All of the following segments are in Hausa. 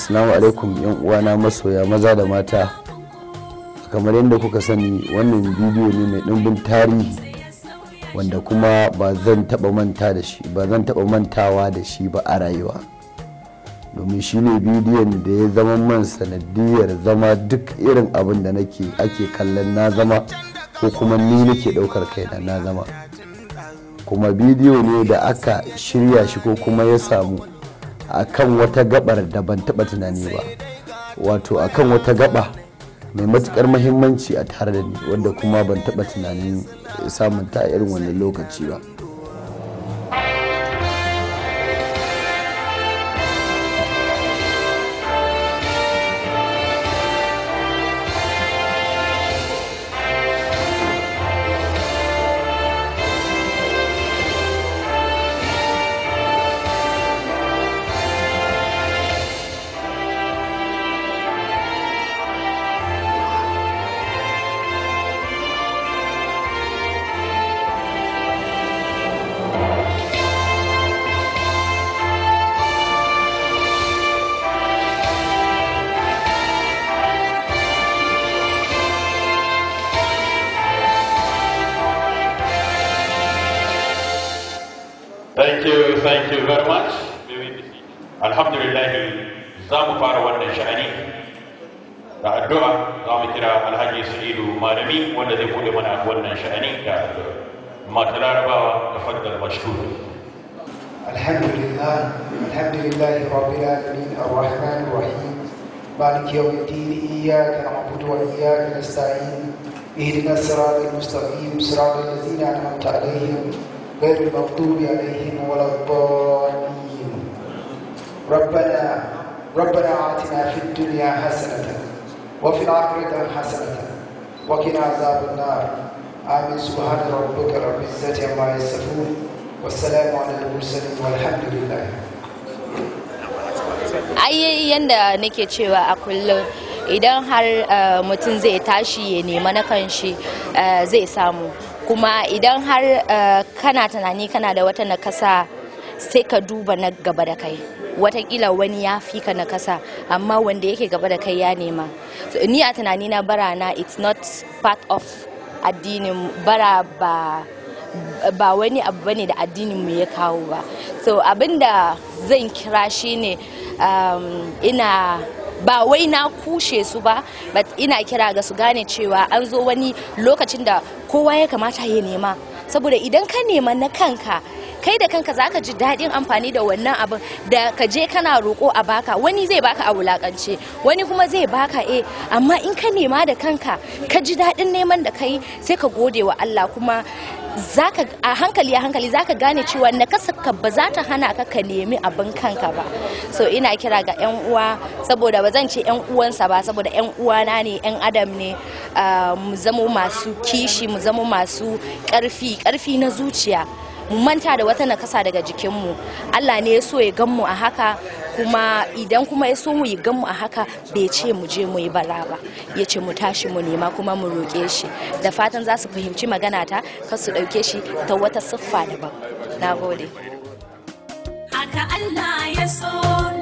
assalamu alaikum yan uwana masoya maza da mata kamar yadda kuka sani wannan bidiyo ne mai ɗumbin tarihi wanda kuma ba zan taɓa manta da shi ba zan taba mantawa da shi ba a rayuwa domin shi ne bidiyon da ya zama man sanadiyar zama duk irin abin da nake ake kallon na zama ko kuma ni nake ɗaukar da na zama kuma bidiyo ne da aka shirya shi ko kuma ya samu akan wata gabar da ban taba tunani ba wato akan wata gaba mai matukar mahimmanci a tare da ni wadda kuma ban taba tunanin samun ta irin wannan lokaci ba you, thank you very much. Alhamdulillah za mu fara wannan sha'ani da addu'a za mu kira Alhaji Sa'idu Malami wanda zai bude mana wannan sha'ani da addu'a. Masu larabawa da faddal mashkur. Alhamdulillah, alhamdulillah rabbil alamin ar-rahman ar-rahim. مالك يوم الدين إياك نعبد وإياك نستعين اهدنا الصراط المستقيم صراط الذين أنعمت عليهم غير المغضوب عليهم ولا الضالين ربنا ربنا اعطنا في الدنيا حسنة وفي الآخرة حسنة وقنا عذاب النار امن سبحان ربك رب العزة عما يصفون والسلام على المرسلين والحمد لله ai yanda nake cewa a kullum idan har mutum zai tashi ya nema na kan zai samu kuma idan har eh, kana tunani kana da wata nakasa sai ka duba na gaba da kai watakila wani ya fi ka nakasa amma wanda yake gaba da kai ya nema ni a tunani na bara na it's not part of addinin bara ba ba wani abu bane da addinin mu ya kawo ba so abinda zan kira shine ne. Um, ina ba wai na kushe su ba but ina kira ga su gane cewa an zo wani lokacin da kowa ya kamata ya nema saboda idan ka nema na kanka kai da kanka zaka ji daɗin amfani da wannan abin da ka je kana roƙo a baka wani zai baka a wulakance wani kuma zai baka e amma in ka nema da kanka ka ji daɗin neman da kai sai ka gode wa Allah kuma zaka a hankali a hankali zaka gane cewa na kasaka ba za ta hana ka ka nemi abin kanka ba so ina kira ga yan uwa saboda ba zan ce yan uwansa ba saboda yan uwana ne yan adam ne ah, mu zamo masu kishi mu zamo masu karfi karfi na zuciya mu manta da wata nakasa daga jikinmu allah ne ya so ya gan mu a haka kuma idan kuma ya so mu yi gan mu a haka bai ce mu je mu yi bara ba ya ce mu tashi mu nema kuma mu roƙe shi da fatan za su fahimci magana ta kar su ɗauke shi ta wata siffa daban na gode haka allah ya so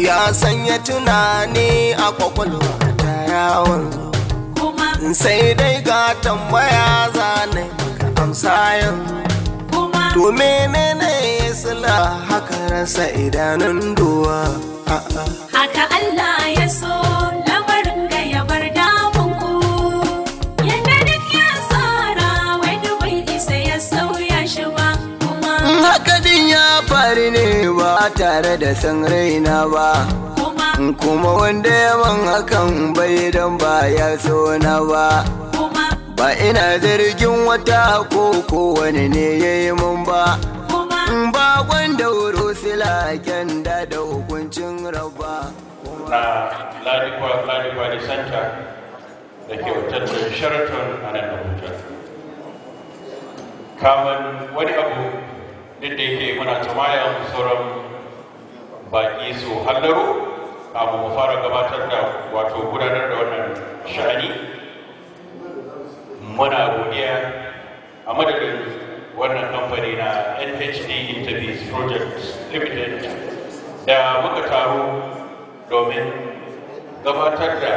ya sanya tunani a kwakwalwa ta yawon sai dai ga tambaya zane maka amsa yanzu to menene sula haka rasa idanun duwa haka Allah ya so tare da san raina ba kuma wanda ya man hakan bai dan ba ya so na ba ba ina zargin wata ko ko wani ne ya yi mun ba ba wanda wuro sila kyanda da hukuncin rabba na ladikwa ladikwa da santa da ke wutar da sheraton a nan abuja kamar wani abu duk da yake muna tamayan sauran baƙi su hallaro abu mu fara gabatar da wato gudanar da wannan sha'ani muna godiya a madadin wannan kamfani na nhd interviews project limited da muka taro domin gabatar da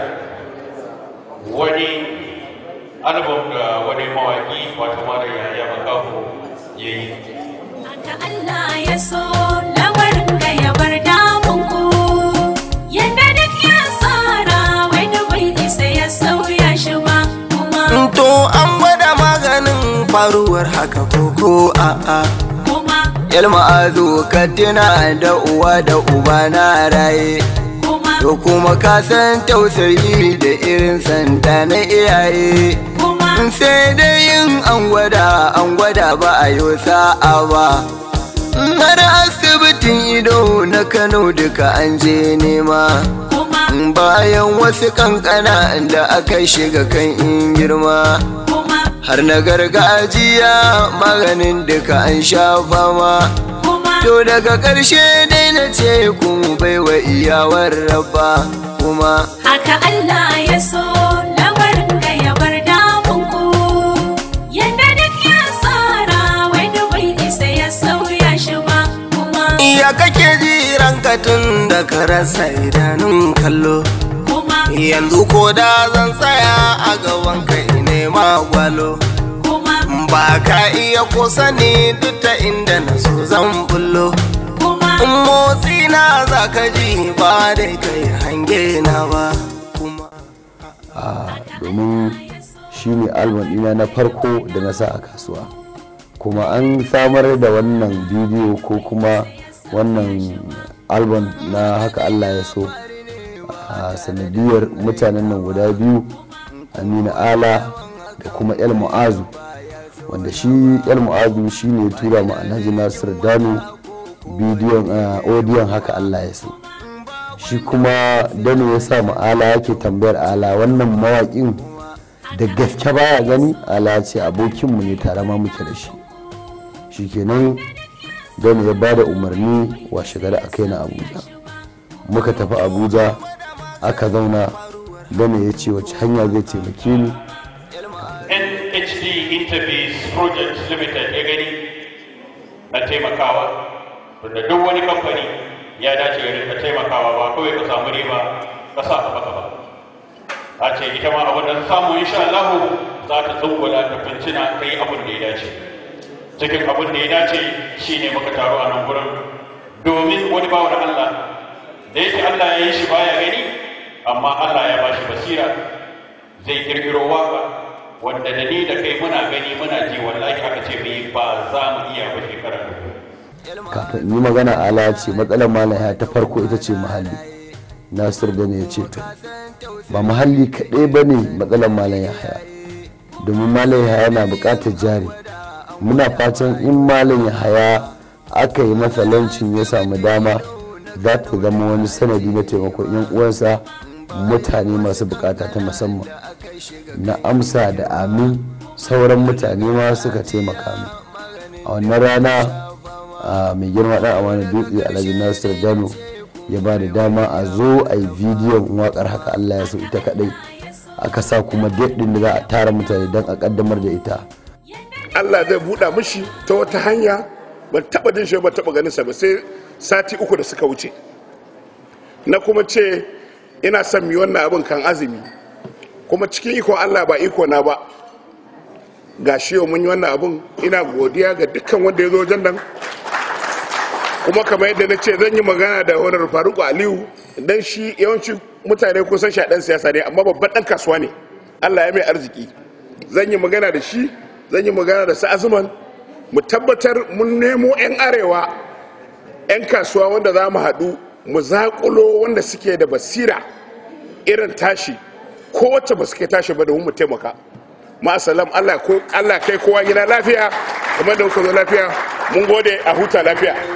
wani album da wani mawaƙi wato mara yaya makaho ya yi Allah ya so faruwar haka koko a'a Yalma azu ka tuna da uwa da uba na raye To kuma ka san tausayi da irin santa na iyaye Sai dai yin an gwada an gwada ba a yi sa'a ba har asibitin ido na kano duka an je nema bayan wasu kankana da aka shiga kan in girma har na gargajiya maganin duka an sha fama to daga ƙarshe dai na ce kun baiwa iyawar rabba kuma haka Allah ya so lamarin ga ya bar damunku yadda duk ya tsara wani bai isa ya sauya shi ba kuma ya kake jiran katun da ka rasa idanun kallo yanzu ko da zan tsaya a gaban kai gwalo ba ka iya kusa ni duk da inda na so zan bullo motsi na za ka ji ba da kai hange na ba kuma ah, domin shi ne album ɗina na farko da na sa a kasuwa kuma an samar da wannan bidiyo ko kuma wannan album na haka allah ya so a ah, sanadiyar mutanen nan guda biyu amina ala da kuma el mu'azu wanda shi el mu'azu shi ne tura mu alhaji nasir dano bidiyon odiyon eh, haka allah ya so shi kuma dano ya sa ala yake tambayar ala wannan mawaƙin da gaske baya gani ala ce abokinmu ne tare ma muke da shi shikenan dano ya ba da umarni wa shigar a kai na abuja muka tafi abuja aka zauna dano ya ce wace hanya zai taimake ni interface project limited ya gani na taimakawa tunda duk wani kamfani ya dace ya rinka taimakawa ba kawai ka samu riba ka sa ka baka ba a ce ita ma abin da samu insha Allah za ta tsungula ta fincina ta yi abin da ya dace cikin abin da ya dace shine muka taro a nan gurin domin wani bawan Allah da yake Allah ya yi shi baya gani amma Allah ya ba shi basira zai kirkiro waka wanda da ni da kai muna gani muna ji wallahi aka ce mai ba za mu iya ba shekara kafin yi magana ala ce matsalar ya ta farko ita ce muhalli nasir da ne ya ce to ba muhalli kaɗai ba ne matsalar ya haya domin ya haya na buƙatar jari muna fatan in ya haya aka yi masa ya samu dama za ta zama wani sanadi na taimakon yan uwansa mutane masu bukata ta musamman na amsa da amin sauran mutane ma suka taimaka min a wannan rana mai girma dan amana dutse alhaji nasir gano ya ba da dama a zo a yi bidiyon wakar haka allah ya so ita kadai aka sa kuma ɗin da za a tara mutane don a kaddamar da ita allah zai buɗa mushi ta wata hanya ban taɓa jin shi ba taba ganin sa ba sai sati uku da suka wuce na kuma ce ina son mi wannan abin kan azumi kuma cikin iko allah ba iko na ba ga shi mun yi wannan abun ina godiya ga dukkan wanda ya zo wajen nan kuma kamar yadda na ce zan yi magana da honar faruku aliyu don shi yawanci mutane kusan shi siyasa ne amma babban ɗan kasuwa ne allah ya mai arziki zan yi magana da shi zan yi magana da su azuman mu tabbatar mun nemo 'yan arewa 'yan kasuwa wanda za mu haɗu mu zaƙulo wanda suke da basira irin tashi ko wacce ba suke tashi ba da mu taimaka ma Allah kai kowa gida lafiya kamar da kuka lafiya mun gode a huta lafiya